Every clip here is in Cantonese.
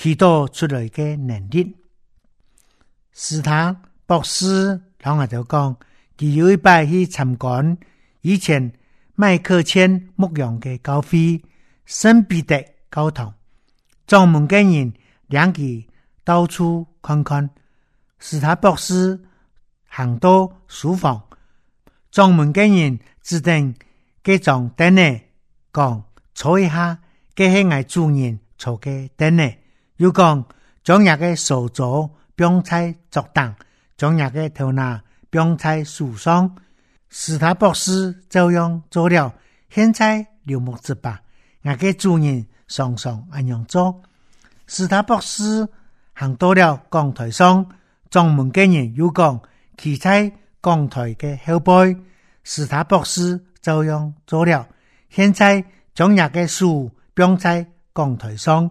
祈禱出來的能力，斯坦博士，我阿就講，佢有一擺去參觀以前麥克簽牧用嘅教區，聖彼得教堂，專門嘅人領佢到處看看。斯坦博士行到書房，專門嘅人制定各種等你，講坐一下，佢係愛主人坐嘅等你。又講，蔣日嘅手足綁在竹凳，蔣日嘅頭拿綁在樹上。斯塔博士照樣做了，現在流目直白，我嘅主人常常安樣做。斯塔博士行到了講台上，裝門嘅人又講，企喺講台嘅後背。斯塔博士照樣做了，現在蔣日嘅樹綁在講台上。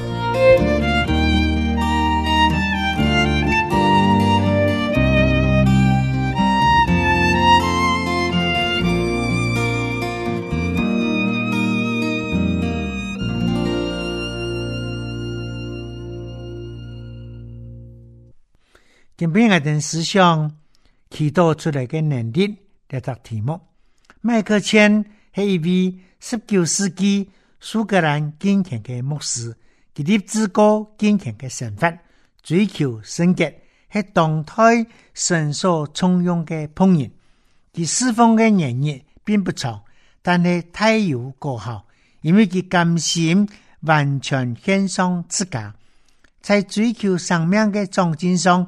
跟平安等思想，祈禱出來嘅能力嚟答題目。麥克謙係一位十九世紀蘇格蘭堅強嘅牧師，佢立志高堅強嘅神法，追求聖潔，係當代深受崇仰嘅朋友。佢事奉嘅年月並不長，但係太有功效，因為佢甘心完全獻上自家，在追求生命的壯錦上。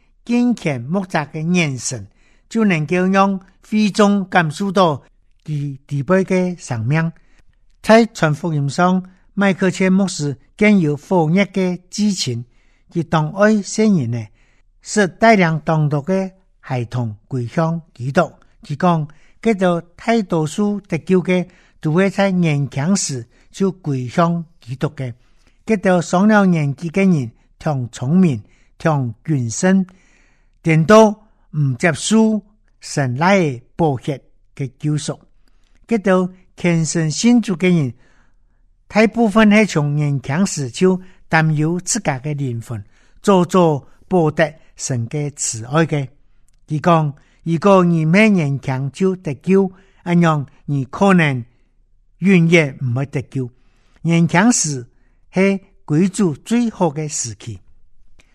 堅強不扎嘅眼神，就能夠讓飛眾感受到其自卑嘅生命。在傳福音上，邁克車牧師更有火熱嘅激情及同愛宣言呢，是大量同讀嘅孩童跪向基督。即講，得到大多數得救嘅，都會在年輕時就跪向基督嘅；得到上了年紀嘅人，像聰明，像全身。點到唔接受神來嘅寶血嘅救贖，得到虔誠信主嘅人，大部分係從年輕時就擔憂自家嘅靈魂，做做報答神嘅慈愛嘅。如果如果唔咩年輕就得救，一樣而可能永遠唔會得救。年輕時係歸主最好嘅時期。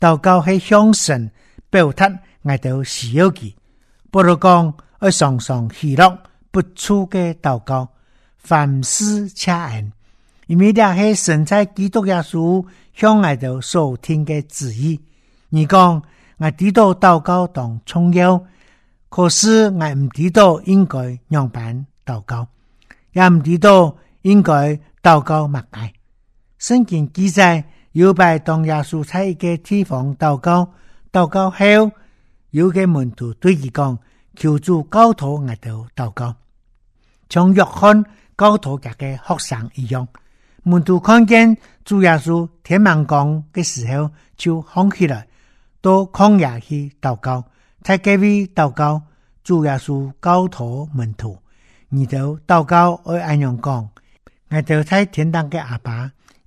禱告係向神表達愛到需要的，不如講愛常常喜樂、不出的禱告、凡事恰暗，因為呢是神在基督耶穌向愛到所聽的旨意。你講愛知道禱告當重要，可是愛唔知道應該怎辦禱告，也唔知道應該禱告乜嘢。聖經記載。有拜當耶穌在一個地方禱告，禱告後，有一個門徒對佢講，求主教徒阿頭禱告，像約翰教徒嘅學生一樣。門徒看見主耶穌舔盲講嘅時候，就放棄了，到曠野去禱告。在結尾禱告，主耶穌教徒門徒，而就禱告愛安陽講，阿頭係天等嘅阿爸。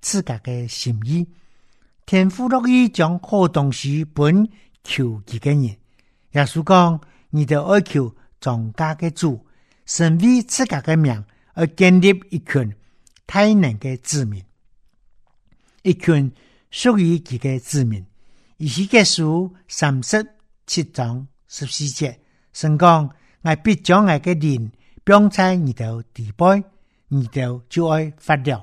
自家的心意，天父樂意將好東西分給求佢個人。耶穌講：你哋愛求莊稼嘅主，神為自家的名而建立一群大能嘅子民，一群屬於佢的子民。以西結書三十七章十四節，神講：我必將我的靈降在你的地背，你的就愛發亮。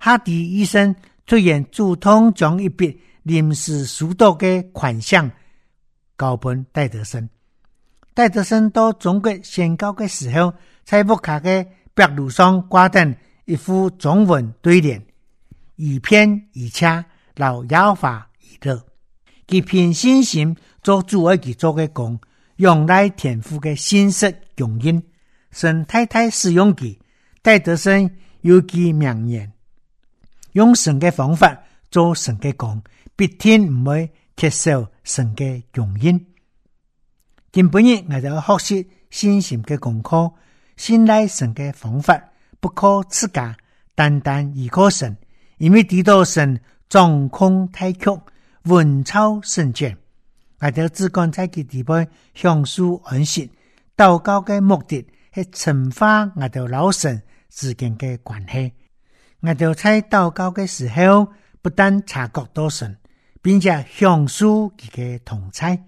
哈迪醫生突然主動將一筆臨時輸到嘅款項交撥戴德生。戴德生到中國宣教的時候，在木刻的白路上掛上一副中文對聯：“以便以謝，耶和華以勒。其品心”以憑信心做主，而去做嘅工，用來填賦嘅信息用經。沈太太使用佢，戴德生有句名言。用神嘅方法做神嘅功，必定唔會缺少神嘅容音。今晡日我哋學習信心嘅功課，信賴神嘅方法不可自噶，單單依靠神，因為得到神掌控大局，穩操勝券。我哋只敢採佢地盤享受安息，禱告嘅目的係深化我哋老神之間嘅關係。我做菜禱告的時候，不但察覺到神，並且享受他的同在。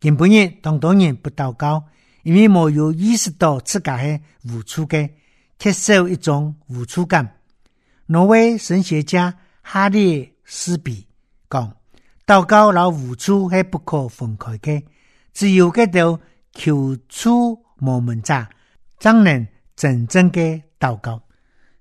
日本人當多人不禱告，因為沒有,有意識到自家嘅無助的缺少一種無助感。挪威神學家哈利斯比講：禱告和無助是不可分開的，只有嘅到求助無門者，才能真正的禱告。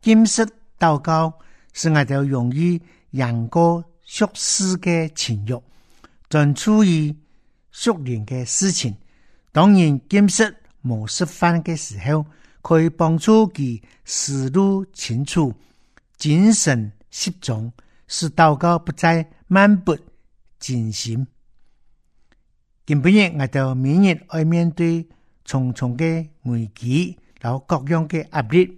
禁食禱告，是我哋用於人過俗世的情欲，正處於縮人嘅事情。當然，禁食冇釋翻嘅時候，可以幫助其思路清楚，精神集中，使禱告不再漫不經心。今半夜我哋每日要面對重重嘅危機，然後各樣嘅壓力。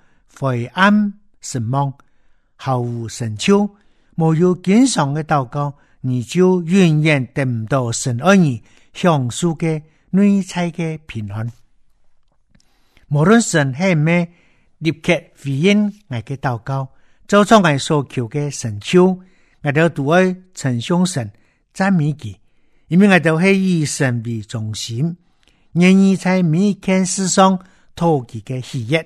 灰暗、神茫、毫無神超，沒有經常的禱告，你就永遠得唔到神兒女享受的內在的平衡。無論神係咩立刻回應我嘅禱告，照創嘅所求的神超，我哋都獨要稱頌神讚美佢，因為我哋係以神為中心，願意在每一件事上托佢嘅事業。